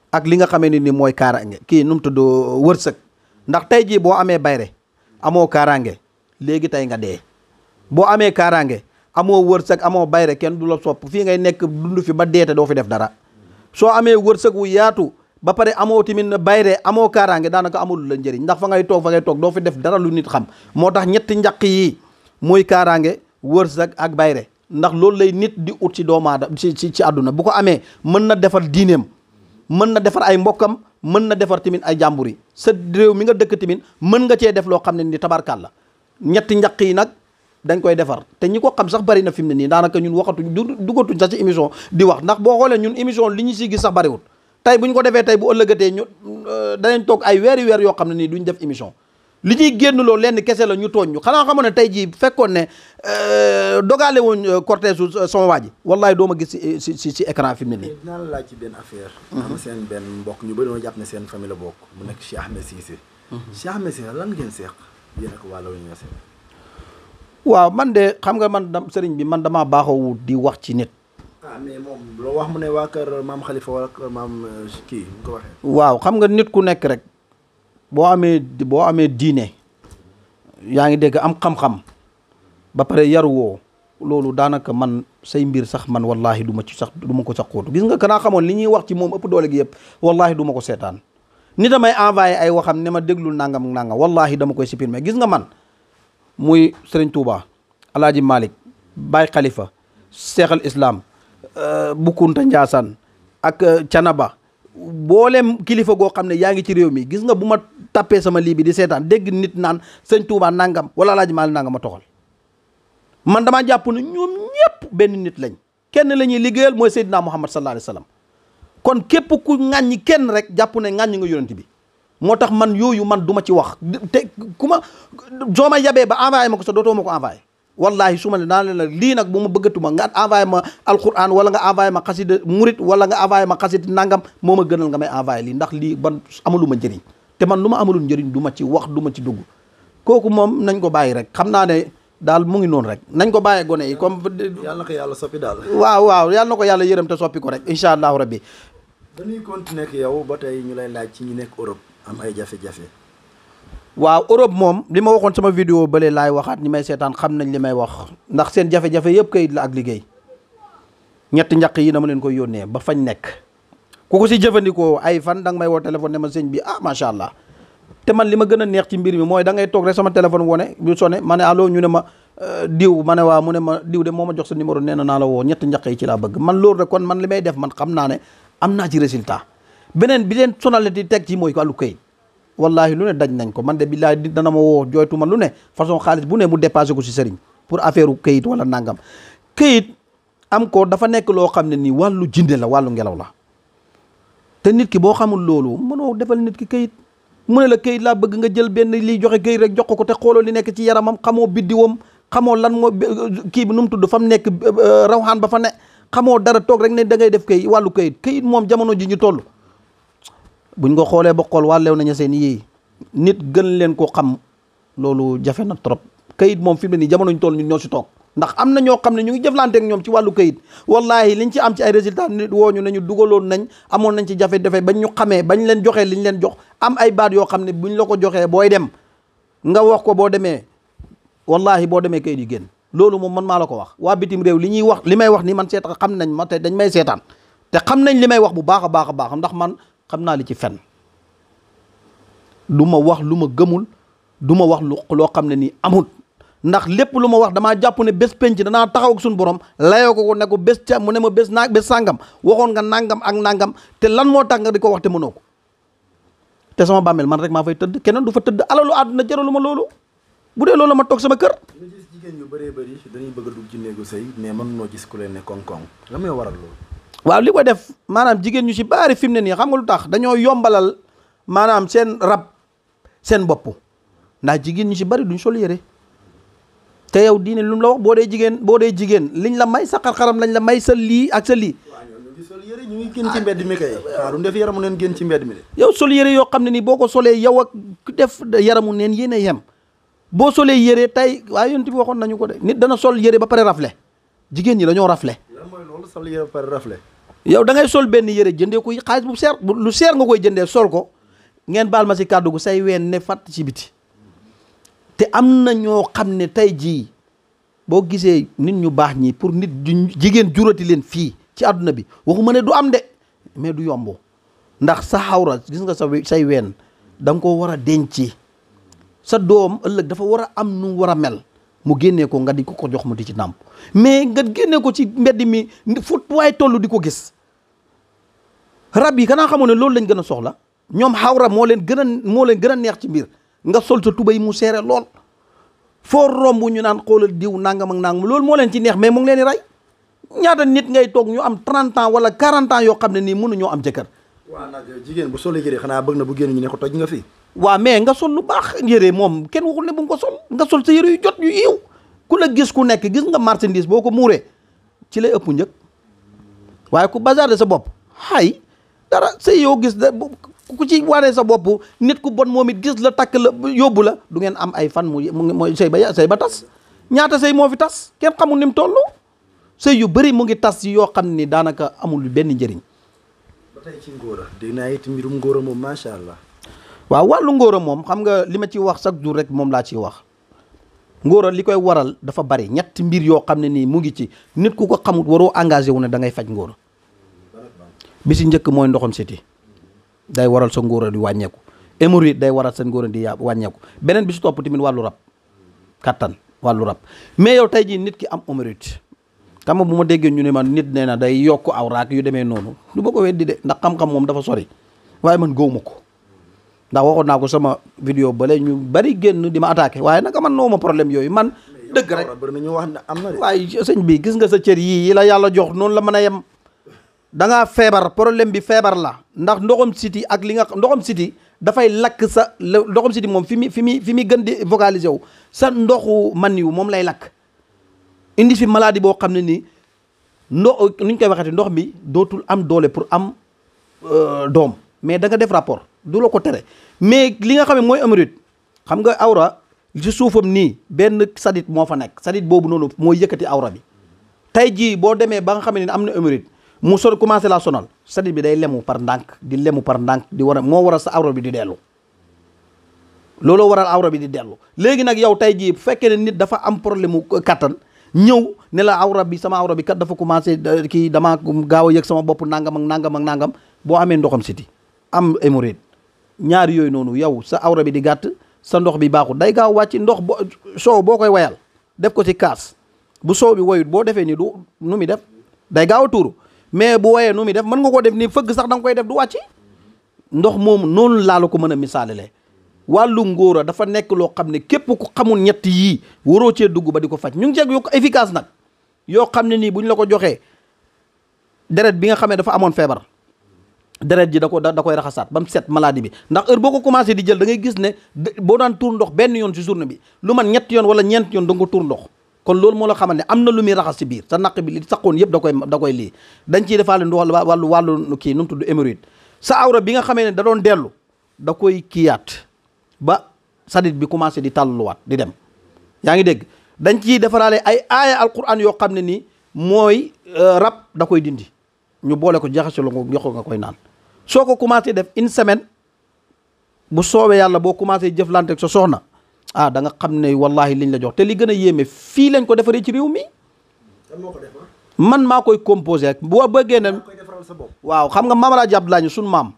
ak li nga xamee ne ni mooy kaaraange kii nu mu tudd wërsëg ndax tey jii boo amee bayre amoo kaaraange léegi tey nga dee boo amee kaaraange amoo wërsëg amoo bayre kenn du la sopp fii ngay nekk dund fi ba deete doo fi def dara soo amee wërsëg wu yaatu ba pare amoo tamit bayre amoo kaaraange daanaka amul la njëriñ ndax fa ngay toog fa ngay toog doo fi def dara lu nit xam moo tax ñetti njaq yi mooy kaaraange wërsëg ak bayre ndax loolu lay nit di ut ci doomu aadama ci ci ci àdduna bu ko amee mën na defar diineem mën na defar ay mbokkam mën na defar tamit ay jàmbur yi sa réew mi nga dëkk tamit mën nga cee def loo xam ne nii tabarkaal la ñetti njaq yi nag dañ koy defar te ñi ko xam sax bari na fi mu ne nii daanaka ñun waxatu du dugatuñ sax ci émission di wax ndax boo xoolee ñun émission li ñu siy gis sax bariwul tey bu ñu ko defee tey bu ëllëgatee ñu euh, danañ toog ay weeri weer yoo xam ne nii duñ def émission li ñuy génn lenn kese la ñu tooñ ñu xanaa xamoon ne tey jii bu fekkoon ne euh, dogale wuñ euh, cortège su euh, sama waa ji wallaay doo ma gis si si si si écran nii. dinaa la laaj ci benn mhm. seen benn mbokk ñu bëri ma jàpp ne seen famille bokk. mu nekk Cheikh Ahmed Cissé. Mhm. Cheikh Ahmed Cissé lan ngeen seq yéen ak wàllu ñu seq. waaw man de xam nga man da sëriñ bi man damaa baaxoo di wax ci nit. Ah, mais moom loo wax mu ne waa kër maam Khalifa wala kër maam kii waaw xam nga nit ku nekk rek. boo amee boo amee diine yaa ngi dégg am xam-xam ba pare yaruwoo loolu daanaka man say mbir sax man wallahi du ma ci sax du ma ko sax xóotu gis nga kanaa xamoon li ñuy wax ci moom ëpp doole gi yëpp wallahi duma ko seetaan ni damay envoyé ay waxam ne ma déglul nangam nangam wallahi dama koy supprimer gis nga man muy Serigne Touba Alaaji Malick Baye Khalifa Cheikh al Islam euh, Bou Kounta Ndiassane ak euh, Canaba boolem kilifa goo xam ne yaa ngi ci réew mi gis nga bu ma tappee sama lii bi di seetaan dégg nit naan sëñ Touba nangam wala laaj maal nangam ma toxal man damaa jàpp ne ñoom ñëpp benn nit lañ kenn la ñuy liggéeyal mooy Seydina Muhammad sallallahu alayhi wa sallam kon képp ku ŋàññi kenn rek jàpp ne ŋàññi nga yonent bi moo tax man yooyu man duma ci wax te ku ma soo ma yabee ba envoyé ma ko sa dootoo ma ko envoyé wallahi su ma ne naa leen la lii nag bu ma bëggatuma nga envoyé ma alquran wala nga envoyé ma xasida murit wala nga envoyé ma xasida nangam moo ma gënal nga may envoyé lii ndax lii ban amaluma njëriñ te man lu ma amalul njëriñ du ma ci wax duma ci dugg kooku moom nañ ko bàyyi rek xam naa ne daal mu ngi noonu rek nañ ko bàyyee gone yi comme yàlla yàlla soppi daal waaw waaw yàlla na ko yàlla yërëm te soppi ko rek incha allahu rabbi dañuy continuer ak yow ba tey ñu lay laaj ci ñi nekk am ay jafe waaw Europe moom li ma waxoon sama vidéo bale laay waxaat ñi may seetaan xam nañ li may wax ndax seen jafe-jafe yëpp kayit la ak liggéey ñetti njaq yi na dama leen koy yónnee ba fañ nekk ku ko si jëfandikoo ay fan dang may woo téléphone ne ma sëñ bi ah macha allah te man li ma gën a neex ci mbir mi mooy da ngay toog rek sama téléphone wone bu sone ma ne allo ñu ne ma euh, diw ma ne waa mu ne ma diw de moom ma jox sa numéro nee na naa la woo ñetti njaq yi ci laa bëgg man loolu rek kon man li may def man xam naa ne am naa ci résultat beneen bi leen di teg ci mooy àllu kayit wallahi lu ne daj nañ ko man de billahi dana ma woo jooytu ma lu ne façon xaalis bu ne mu dépassé ko si sëriñ pour affaire u këyit wala nangam këyit am ko dafa nekk loo xam ne nii wàllu jinde la wàllu ngelaw la te nit ki boo xamul loolu mënoo defal nit ki këyit mu ne la këyit laa bëgg nga jël benn lii joxe këyit rek jox ko ko te xoolool li nekk ci yaramam xamoo biddiwam xamoo lan moo kii bi nu mu tudd fa mu nekk euh, rawxaan ba fa ne xamoo dara toog re ne da ngay def këyit wàllu këyit këyit moom jamono ji ñu toll buñ ko xoolee ba xool wàlleew nañu seen yii nit gën leen ko xam loolu jafe na trop kayit moom fi mu ne nii jamono ñu ñoo si toog ndax am na ñoo xam ne ñu ngi jëflanteek ñoom ci wàllu kayit wallahi ci am ci ay résultats nit nañu dugaloon nañ amoon nañ ci jafe-jafe bañ ñu xamee bañ leen joxee liñ leen jox am ay baat yoo xam ne buñ la ko joxee booy dem nga wax ko boo demee wallahi boo demee kayit yi génn loolu moom man maa la ko wax waa bitim réew li ñuy wax li may wax ni man seet xam nañ ma te dañ may seetaan te nañ li may wax bu baax a baax a baax ndax man xam naa li ci fen du ma wax lu ma gëmul du ma wax lu loo xam ne nii amul ndax lépp lu ma wax damaa jàpp ne bés penc danaa taxaw ak suñu borom layoo ko ko ne ko bés ca mu ne ma bés naa bés sàngam waxoon nga nàngam ak nàngam te lan moo tax nga ko wax te mënoo ko te sama bàmmeel man rek maa fay tëdd keneen du fa tëdd alalu àdduna lu ma loolu bu dee loolu ma toog sama kër. nga jigéen yu bëree bëri dañuy bëgg a ci néegu sëy mais mën noo gis ku leen ne koŋ-koŋ la may waral loolu. waaw li ko def maanaam jigéen ñu ci baari fi mu ne nii xam nga lu tax dañoo yombalal maanaam seen rab seen bopp ndax jigéen ñu ci bari duñ sol yére te yow diine lu mu la wax boo dee jigéen boo dee jigéen liñ la may sa xar-xaram lañ la may sa lii ak sa lii. sol yére ñu ngi génn ci mbedd mi kay waaw du def yaramu neen ci mbedd mi yow sol yére yoo xam ne nii boo ko solee yow ak def yaramu neen yéen a yem boo solee yére tey waaye yonent bi waxoon nañu ko de nit dana sol yére ba pare rafle jigéen ñi dañoo rafle lan mooy loolu sol yére par rafle yow da ngay sol benn yére jëndee ko xaalis bu seer lu seer nga koy jëndee sol ko ngeen baal ma si kàddu gu say ween ne fàtt ci biti te am na ñoo xam ne tey jii boo gisee nit ñu baax ñi pour nit jigéen jurati leen fii ci àdduna bi waxuma ne du am de mais du yomb ndax sa xawra gis nga sa say ween da nga ko war a denc sa doom ëllëg dafa war a am nu war a mel mu génnee ko nga di ko ko jox mu di ci nàmp mais nga génnee ko ci mbedd mi fu waaye toll di ko gis rab yi kanaa xamoon ne loolu lañ gën a soxla ñoom xawra moo leen gën a moo leen gën neex ci mbir nga sol sa tubay mu seere lool foo romb ñu naan xoolal diw nangam ak nangam loolu moo leen ci neex mais mu ngi leen di rey ñaata nit ngay toog ñu am 30 ans wala 40 yoo xam ne nii mënuñoo am jëkkër waa nag jigéen sol xanaa bëgg na bu génn ñu ne ko toj nga fi. waa mais nga sol lu baax yére moom kenn waxul ne bu nga ko sol nga sol sa yére yu jot yu yiw ku la gis ku nekk gis nga marchandise boo ko muuree ci lay ëpp njëg waaye ku bazarde sa bopp hay dara sa yoo gis da ku ci waree sa bopp nit ku bon moom it gis la takk la yóbbu la du ngeen am ay fan mu mooy ba sëy ba tas ñaata sëy moo fi tas kenn xamul ni mu toll yu bëri mu ngi tas yoo xam ni daanaka amul benn njëriñ tey dégg naa it mbirum ngóora moom macha allah. waaw wàllu ngóora moom xam nga li ma ciy wax chaque jour rek moom laa ciy wax ngóora li koy waral dafa bari ñetti mbir yoo xam ne nii mu ngi ci nit ku ko xamut waroo engagé wu ne da ngay faj ngóora bi si njëkk mooy ndoxam siti day waral sa ngóora di wàññeeku hémorroïde day waral sa ngóora di wàññeeku beneen bi si topp tamit wàllu rab kattan wàllu rab mais yow tey jii nit ki am hémorroïde xam nga bu ma déggee ñu ne man nit nee na day yokk aw raak yu demee noonu du ma ko weddi de ndax xam-xam moom dafa sori waaye man góow ma ko ndax waxoon naa ko sama vidéo bale ñu bari génn di ma attaqué waaye nag man noo ma problème yooyu man dëgg rek waaye sëñ bi gis nga sa cër yii yi la yàlla jox noonu la mën a yem da ngaa feebar problème bi feebar la ndax ndoxam siti ak li nga ndoxam siti dafay lakk sa ndoxam siti moom fi mi fi mi fi mi gën di vocaliser wu sa ndoxu man yu moom lay lakk indi fi maladie boo xam ne nii ndox nu ñu koy waxati ndox mi dootul am doole pour am euh, doom mais da nga def rapport du la ko tere mais li nga xam ne mooy hémorroïde xam nga awra ci suufam nii benn sadit moo fa nekk sadit boobu noonu mooy yëkkati awra bi tey jii boo demee ba nga xam ne am na hémorroïde mu son commencé la sonal sadit bi day lemu par ndànk di lemu par ndànk di war a moo waral sa awra bi di dellu looloo waral awra bi di dellu léegi nag yow tey jii bu fekkee ne nit dafa am problème mu euh, kàttan ñëw ne la awra bi sama awra bi kat dafa commencé euh, kii damaa gaaw a yëg sama bopp nangam ak nangam ak nangam boo amee ndoxam siti am hémorroïde ñaari yooyu noonu yow sa awra bi di gàtt sa ndox bi baaxul day gaaw wàcc ndox bo soow boo koy wayal def ko si kaas bu soow bi woyut boo defee nii du nu mi def day gaaw a tuuru mais bu woyee nu mi def mën nga koo def nii fëgg sax da nga koy def du wàcc ndox moom noonu laa la ko mën a misaalalee wàllu ngóora dafa nekk loo xam ne képp ko xamul ñett yii waroo cee dugg ba di ko faj ñu ngi ceeg yu ko efficace nag yoo xam ne nii bu ñu la ko joxee deret bi nga xam ne dafa amoon feebar deret ji da ko da koy raxasaat ba set maladie bi ndax heure boo ko commencé di jël da ngay gis ne boo daan tuur ndox benn yoon ci journée bi lu ma ñett yoon wala ñeent yoon da nga ko ndox kon loolu moo la xamal ne am na lu muy raxas si biir sa naq bi li saqoon yëpp da koy da koy lii dañ ciy defaale wàllu wàllu wàllu kii nu mu tudd hémorroïde sa awra bi nga xamee ne da doon da koy kiyaat ba sadit bi commencé di tàlluwaat di dem yaa ngi dégg dañ ciy defaraale ay aaya alquran yoo xam ne nii mooy euh, rab da koy dindi ñu boole ko jaxasoo la nga jox nga koy naan soo commencé def une semaine bu soobee yàlla boo commencé jëflante ak sa soxna ah danga xam ne wallahi liñ la jox te li gën a yéeme fii lañ ko defaree ci réew mi. Ah? man maa koy composé ak boo bëggee ne. waaw xam nga maam El Hadj Abdoulaye maam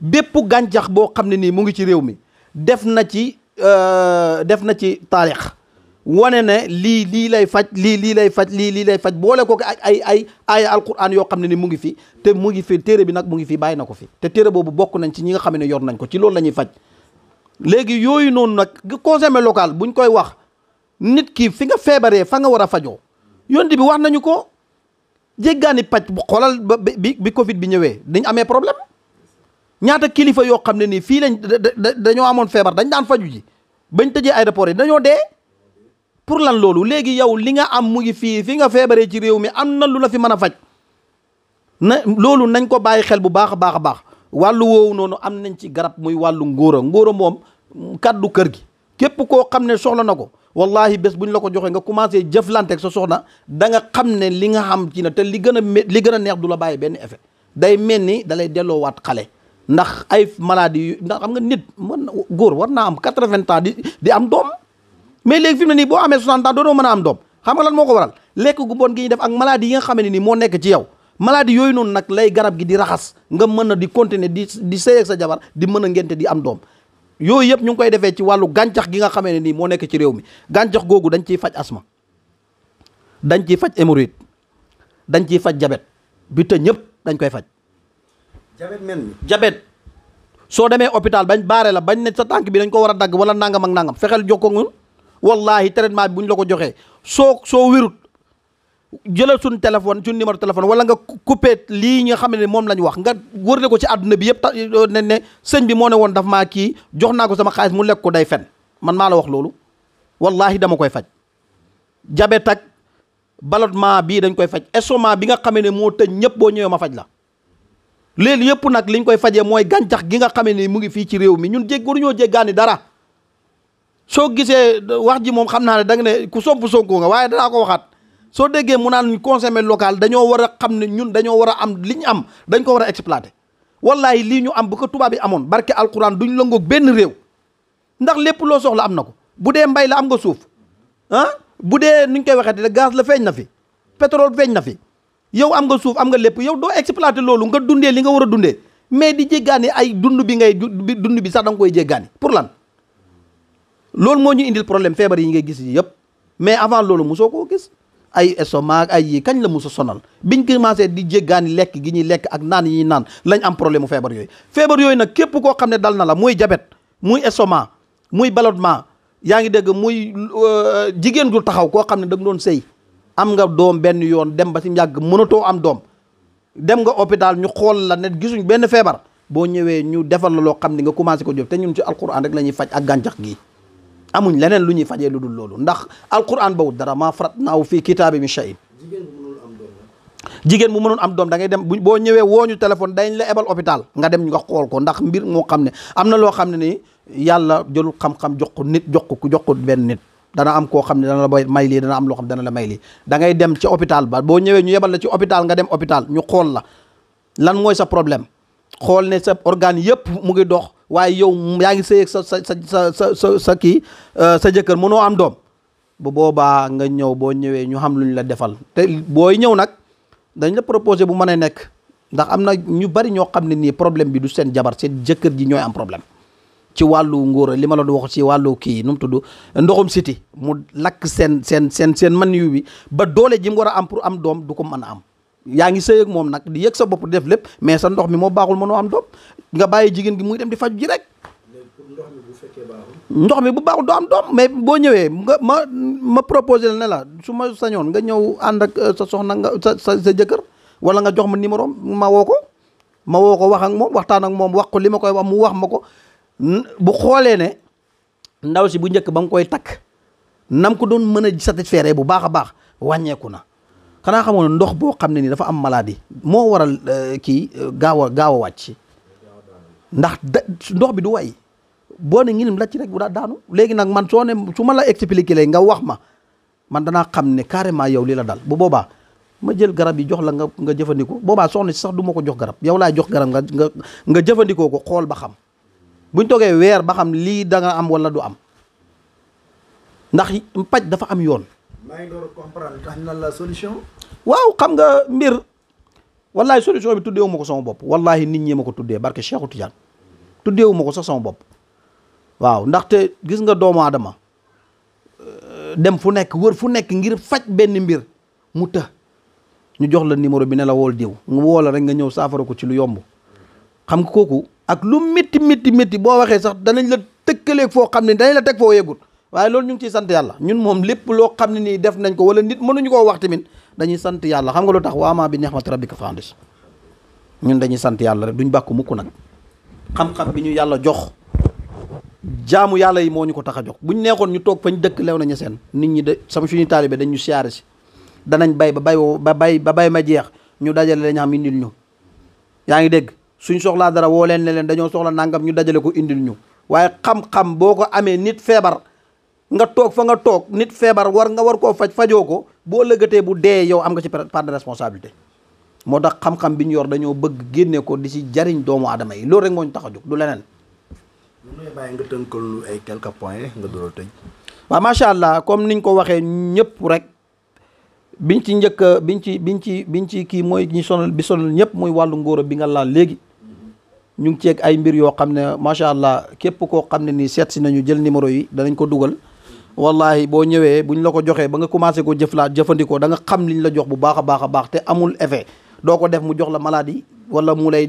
bépp gàncax boo xam ne nii mu ngi ci réew mi. def na ci euh, def na ci taarix wane ne lii lii lay faj lii lii lay faj lii lii lay faj boole ko ak ay ay aaya alquran yoo xam ne ni mu ngi fi te mu ngi fi téere bi nag mu ngi fi bàyyi na ko fi te téere boobu bokk nañ ci ñi nga xam ne yor nañ ko ci loolu la ñuy faj léegi yooyu noonu nag consommé local ñu koy wax nit ki fi nga feebaree fa nga war a fajoo yoon di bi wax nañu ko jéggaani paj xoolal ba bi bi Covid bi ñëwee dañ amee problème ñaata kilifa yoo xam ne nii fii lañ dañoo amoon feebar dañ daan faju ji bañ tëjee aéroport yi dañoo dee pour lan loolu léegi yow li nga am mu ngi fii fi nga feebaree ci réew mi am na lu la fi mën a faj na loolu nañ ko bàyyi xel bu baax a baax a baax wàllu woowu noonu am nañ ci garab muy wàllu ngóora ngóora moom kàddu kër gi képp koo xam ne soxla na ko wallahi bés bu ñu la ko joxee nga commencé jëflanteek ak sa soxna da xam ne li nga xam ci na te li gën a li gën a neex du la bàyyi benn effet day mel ni dalay delloowaat xale ndax ay maladie ndax xam nga nit man góor war naa am quatre-vingts ans di di am doom mais léegi fi na ne nii boo amee soixante ans dootoo mën a am doom xam nga lan moo ko waral lekk gu bon gi ñu def ak maladie yi nga xam ne nii moo nekk ci yow maladie yooyu noonu nag lay garab gi di raxas nga mën a di continuer di di sëy sa jabar di mën a ngente di am doom yooyu yëpp ñu ngi koy defee ci wàllu gàncax gi nga xamee ne nii moo nekk ci réew mi gàncax googu dañ ciy faj asma dañ ciy faj hémorroïde dañ ciy faj jabet bi ñëpp dañ koy faj jabet jabet soo demee hôpital bañ baare la bañ ne sa tànk bi dañ ko war a dagg wala nangam ak nangam fexeel jokkoo ñun wallahi traitement bi bu ñu la ko joxee soo soo wérut jëlal suñ téléphone suñ numéro téléphone wala nga coupé lii nga xam ne moom la ñu wax nga wërle ko ci àdduna bi yëpp ta euh, ne sëñ bi moo ne woon daf maa kii jox naa ko sama xaalis mu lekk ko day fen man maa la wax loolu wallahi dama koy faj jabet ak ballottement bii dañ koy faj estomac bi nga xam ne moo tëj ñëpp boo ñëwee ma faj la léegi yëpp nag liñ koy fajee mooy gàncax gi nga xamee ni mu ngi fii ci réew mi ñun jég waruñoo jeggaani dara soo gisee wax ji moom xam naa ne da nga ne ku somp Sonko nga waaye danaa ko waxaat soo déggee mu naan consommer local dañoo war a xam ne ñun dañoo war a am li ñu am dañ ko war a exploiter wallahi lii ñu am bu ko tubaab bi amoon barke alquran duñ lëngoog benn réew ndax lépp loo soxla am na ko bu dee mbay la am nga suuf ah bu dee nuñ koy waxee te gaz la feeñ na fi pétrole feeñ na fi yow am nga suuf am nga lépp yow doo exploiter loolu nga dundee li nga war a dundee mais di jéggaani ay dund bi ngay dund bi sax da nga koy jéggaani pour lan loolu moo ñu indil problème feebar yi ngay gis yi yëpp mais avant loolu mosoo koo gis ay estomac ay yi kañ la mos sonal biñ commencé di jéggaani lekk gi ñuy lekk ak naan yi naan lañ am problème mu feebar yooyu feebar yooyu nag képp koo xam ne dal na la muy jabet muy estomac muy ballonnement yaa ngi dégg muy euh, jigéen gu taxaw koo xam ne da doon sëy am nga doom benn yoon dem ba ci yàgg mënatoo am doom dem nga hôpital ñu xool la ne gisuñ benn feebar boo ñëwee ñu defal la loo xam ne nga commencé ko jóg te ñun ci alquran rek la ñuy faj ak gàncax gi amuñ leneen lu ñuy fajee lu dul loolu ndax alquran bawut dara ma farat naaw fii kitaabi min shay'in jigéen bu mënoon am doom da ngay dem boo ñëwee woo ñu téléphone dañ la ebal hôpital nga dem ñu nga xool ko ndax mbir moo xam ne am na loo xam ne ni yàlla jëlul xam-xam jox ko nit jox ko ku jox ko benn nit dana am koo xam ne dana la may lii dana am loo xam dana la may lii da dem ci hôpital ba boo ñëwee ñu yebal la ci hôpital nga dem hôpital ñu xool la lan mooy sa problème xool ne sa organe yëpp mu ngi dox waaye yow yaa ngi sëyeeg sa sa sa sa sa sa kii euh, sa jëkkër mënoo am doom bu boobaa nga ñëw boo ñëwee ñu xam lu ñu la defal te booy ñëw nag dañ la proposé bu mën a nekk ndax am na ñu bari ñoo xam ne nii problème bi du seen jabar seen jëkkër ji ñooy am problème ci wàllu ngóora li ma la doon wax ci wàllu kii nu mu tudd ndoxum siti mu lakk seen seen seen man yu bi ba doole ji mu war a am pour am doom du ko mën a am yaa ngi sëy ak moom nag di yëg sa bopp def lépp mais sa ndox mi moo baaxul mënoo am doom nga bàyyi jigéen gi muy dem di faj ji rek ndox mi bu baaxul doo am doom mais boo ñëwee nga ma ma proposé ne la su ma sañoon nga ñëw ànd ak euh, sa soxna nga sa sa sa jëkkër wala nga jox ma numéro ma woo ko ma woo ko wax ak moom waxtaan ak moom wax ko li ma koy wax mu wax ma ko bu xoolee ne ndaw si bu njëkk ba nga koy takk nam ko doon mën a satisfaire bu baax a baax wàññeeku na xanaa xamoon ndox boo xam ne ni dafa am maladie moo waral euh, kii euh, gaaw a gaaw a wàcc ndax da ndox bi du way boo ne ngilim la ci rek bu daa daanu léegi nag man soo ne su ma la expliqué léegi nga wax ma man danaa xam ne carrément yow li la dal bu boobaa ma jël garab yi jox la nga nga jëfandikoo boobaa soxna sax du ma ko jox garab yow laay jox garab nga nga nga jëfandikoo ko xool ba xam buñ toogee weer ba xam lii danga nga am wala du am ndax paj dafa am yoon. maa ngi door la solution. waaw xam nga mbir wallahi solution bi tuddee wu ma ko sama bopp wallahi nit ñi ma ko tuddee barke Cheikh Tidiane tuddee ko sax sama bopp waaw ndaxte gis nga doomu adama euh, dem fu nekk wër fu nekk ngir faj benn mbir mu të ñu jox la numéro bi ne la wool diw nga woo rek nga ñëw saafara ko ci lu yomb xam nga kooku. ak lu métti métti métti boo waxee sax danañ la tëkkaleeg foo xam ne danañ la teg foo yegut waaye loolu ñu ngi ciy sant yàlla ñun moom lépp loo xam ne nii def nañ ko wala nit mënuñu koo wax tamit dañuy sant yàlla xam nga lu tax wa amaa bi ni'mati rabbika fahaddis ñun dañuy sant yàlla rek duñ bàkku mukk nag xam-xam bi ñu yàlla jox jaamu yàlla yi moo ñu ko tax a jox ñu neexoon ñu toog fañ dëkk lew nañu seen nit ñi de sama suñu taalibe dañ ñu siyaare si danañ bay ba bay ba bay ba bay ma jeex ñu dajale dañ xam indil ñu yaa ngi dégg suñ soxlaa dara woo leen ne leen dañoo soxla nangam ñu dajale ko indil ñu waaye xam-xam boo ko amee nit feebar nga toog fa nga toog nit feebar war nga war koo faj fajoo ko boo lëggatee bu dee yow am nga ci part de responsabilité moo tax xam-xam bi ñu yor dañoo bëgg génne ko di si jariñ doomu aadama yi loolu rek moo tax a jóg du leneen. ñu lay bàyyi nga tënkal nga doon tëj. waaw macha allah comme niñ ko waxee ñëpp rek biñ ci njëkk biñ ci biñ ci biñ ci kii mooy ñi sonal bi sonal ñëpp mooy wàllu ngóora bi nga laal léegi. ñu ngi ceeg ay mbir yoo xam ne macha allah képp koo xam ne nii seet si nañu jël numéro yi danañ ko dugal wallahi boo ñëwee bu ñu la ko joxee ba nga commencé ko jëflaa jëfandikoo da nga xam liñ la jox bu baax a baax a baax te amul effet doo ko def mu jox la maladie wala mu lay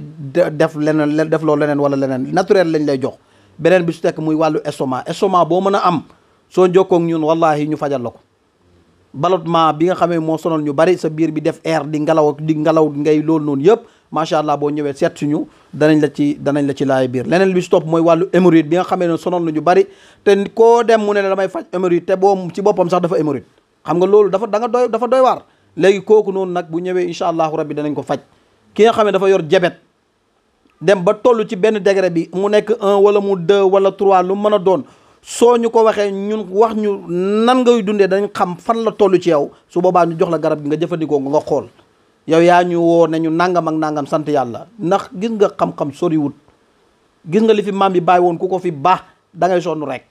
def leneen def loo leneen wala leneen naturel lañ lay jox beneen bi su tekk muy wàllu estomac estomac boo mën a am soo jokkoog ñun wallahi ñu fajal la ko ballottement bi nga xamee moo sonal ñu bari sa biir bi def air di ngalaw di ngalaw ngay loolu yëpp macha allah boo ñëwee seet suñu danañ la ci danañ la ci laay biir leneen bi si mooy wàllu hémorroïde bi nga xamee ne na ñu bari te koo dem mu ne la damay faj hémorroïde te boo ci boppam sax dafa hémorroïde xam nga loolu dafa danga nga doy dafa doy waar léegi kooku noonu nag bu ñëwee incha allahu bi danañ ko faj ki nga xam ne dafa yor jabet dem ba toll ci benn degré bi mu nekk un wala mu deux wala trois lu mën a doon soo ñu ko waxee ñun wax ñu nan ngay dundee dañ xam fan la toll ci yow su boobaa jox la garab gi nga jëfandikoo nga xool yow yaa ñu woo ne ñu nangam ak nangam sant yàlla ndax gis nga xam-xam soriwut gis nga li fi maam yi bàyyi woon ku ko fi baax dangay sonnu rek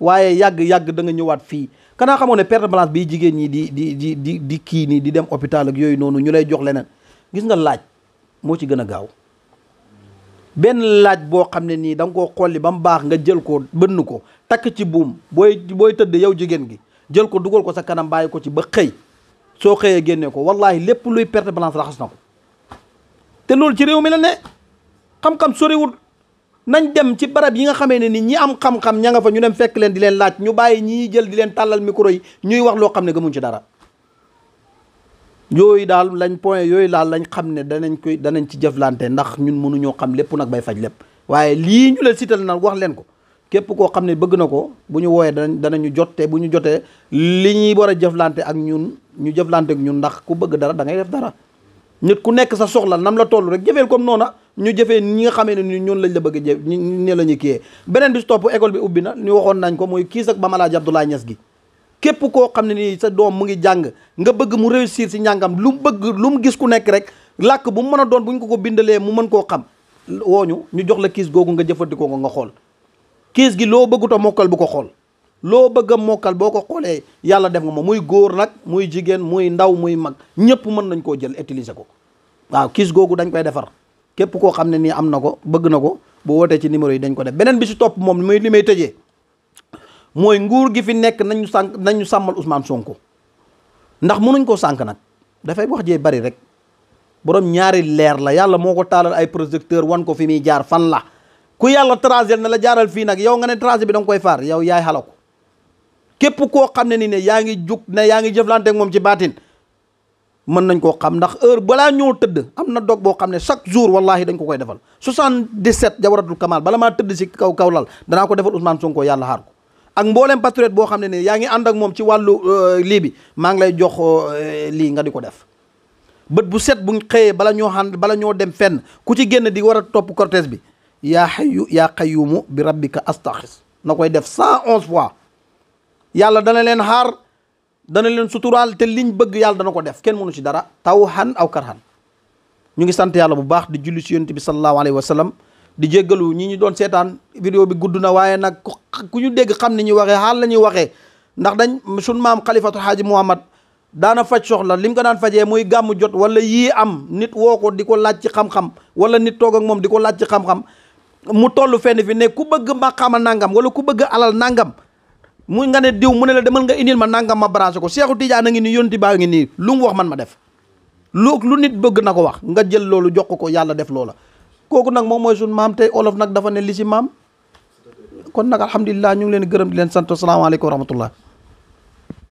waaye yàgg-yàgg danga ñëwaat fii kanaa xamoon ne perte balance bi jigéen ñi di di di di di kii nii di dem hôpital ak yooyu noonu ñu lay jox leneen gis nga laaj moo ci gën a gaaw benn laaj boo xam ne nii danga ko koo xolli ba mu baax nga jël ko bënn ko takk ci buum booy booy tëdd yow jigéen gi jël ko dugal ko sa kanam ko ci ba soo xëyee génnee ko wallahi lépp luy perte balance raxas na ko te loolu ci réew mi la ne xam-xam soriwul nañ dem ci barab yi nga xamee ne ni ñi am xam-xam ña nga fa ñu dem fekk leen di leen laaj ñu bàyyi ñii jël di leen tàllal micro yi ñuy wax loo xam ne gëmuñ ci dara yooyu daal lañ point yooyu laal lañ xam ne danañ koy danañ ci jëflante ndax ñun mënuñoo xam lépp nag bay faj lépp waaye lii ñu leen sital na wax leen ko képp koo xam ne bëgg na ko bu ñu wooyee danañ danañu jot te bu ñu jotee li ñuy war a jëflante ak ñun ñu jëflante ak ñun ndax ku bëgg dara dangay def dara nit ku nekk sa soxla nam la toll rek jëfeel comme noona ñu jëfee ñi nga xamee ne ni ñun lañ la bëgg jëf ne la ñu kiyee beneen bi topp école bi ñu waxoon nañ ko mooy kiis ak Mame Alaaji Abdoulaye Niass gi képp koo xam ne nii sa doom mu ngi jàng nga bëgg mu réussir si njàngam lu mu bëgg lu mu gis ku nekk rek làkk bu mu mën a doon bu ñu ko ko bindalee mu mën koo xam wooñu ñu jox la kiis googu nga jëfandikoo ko nga xool kiis gi loo bëggut mokkal bu ko xool loo bëgg a mokkal boo ko xoolee yàlla def nga ma muy góor nag muy jigéen muy ndaw muy mag ñëpp mën nañ koo jël utiliser ko waaw kiis googu dañ koy defar képp koo xam ne nii am na ko bëgg na ko bu wootee ci numéro yi dañ ko def beneen bi si topp moom muy li may tëjee mooy nguur gi fi nekk nañu sànq nañu sàmmal Ousmane Sonko ndax mënuñ ko sànq nag dafay wax jee bari rek borom ñaari leer la yàlla moo ko taalal ay projecteur wan ko fi muy jaar fan la ku yàlla tracé na la jaaral fii nag yow nga ne tracé bi da koy faar yow yaay xalaku képp koo xam ne ni ne yaa ngi jug ne yaa ngi jëflante moom ci baatin mën nañ koo xam ndax heure balaa ñoo tëdd am na dog boo xam ne chaque jour wallahi dañ ko koy defal 77 jawaratul kamal bala maa tëdd si kaw kaw lal danaa ko defal Ousmane Sonko yàlla xaar ko ak mboolem patriote boo xam ne ne yaa ngi ànd moom ci wàllu euh, lii bi maa ngi lay jox euh, lii nga di ko def bët bu set buñ xëyee bala ñoo ànd bala ñoo dem fenn ku ci génn di war a topp cortège bi yaa xayu mu qayyumu bi rabbika astaxis na koy def cent onze fois yàlla dana leen xaar dana leen suturaal te liñ bëgg yàlla dana ko def kenn mënu ci dara taw tawhan aw karhan ñu ngi sant yàlla bu baax di julli si yonent bi sallallahu alayhi wa sallam di jéggalu ñi ñu doon seetaan vidéo bi gudd na waaye nag ku ñu dégg xam ni ñuy waxee xaal la ñuy waxee ndax dañ sun maam xalifatu xaaji muhammad daana faj soxla lim ko daan fajee muy gàmm jot wala yii am nit woo ko di ko laaj ci xam wala nit toog ak moom di ko laaj ci xam mu toll fenn fi ne ku bëgg maqaama nangam wala ku bëgg alal nangam mu nga ne diw mu ne la demal nga indil ma nangam ma branché ko Seexu Tijaan a ngi nii yonti baa ngi nii lu mu wax man ma def lu lu nit bëgg na ko wax nga jël loolu jox ko yàlla def loola kooku nag moom mooy suñ maam tey olof nag dafa ne li si maam kon nag alhamdulilah ñu ngi leen gërëm di leen sant salaamaaleykum wa rahmatullah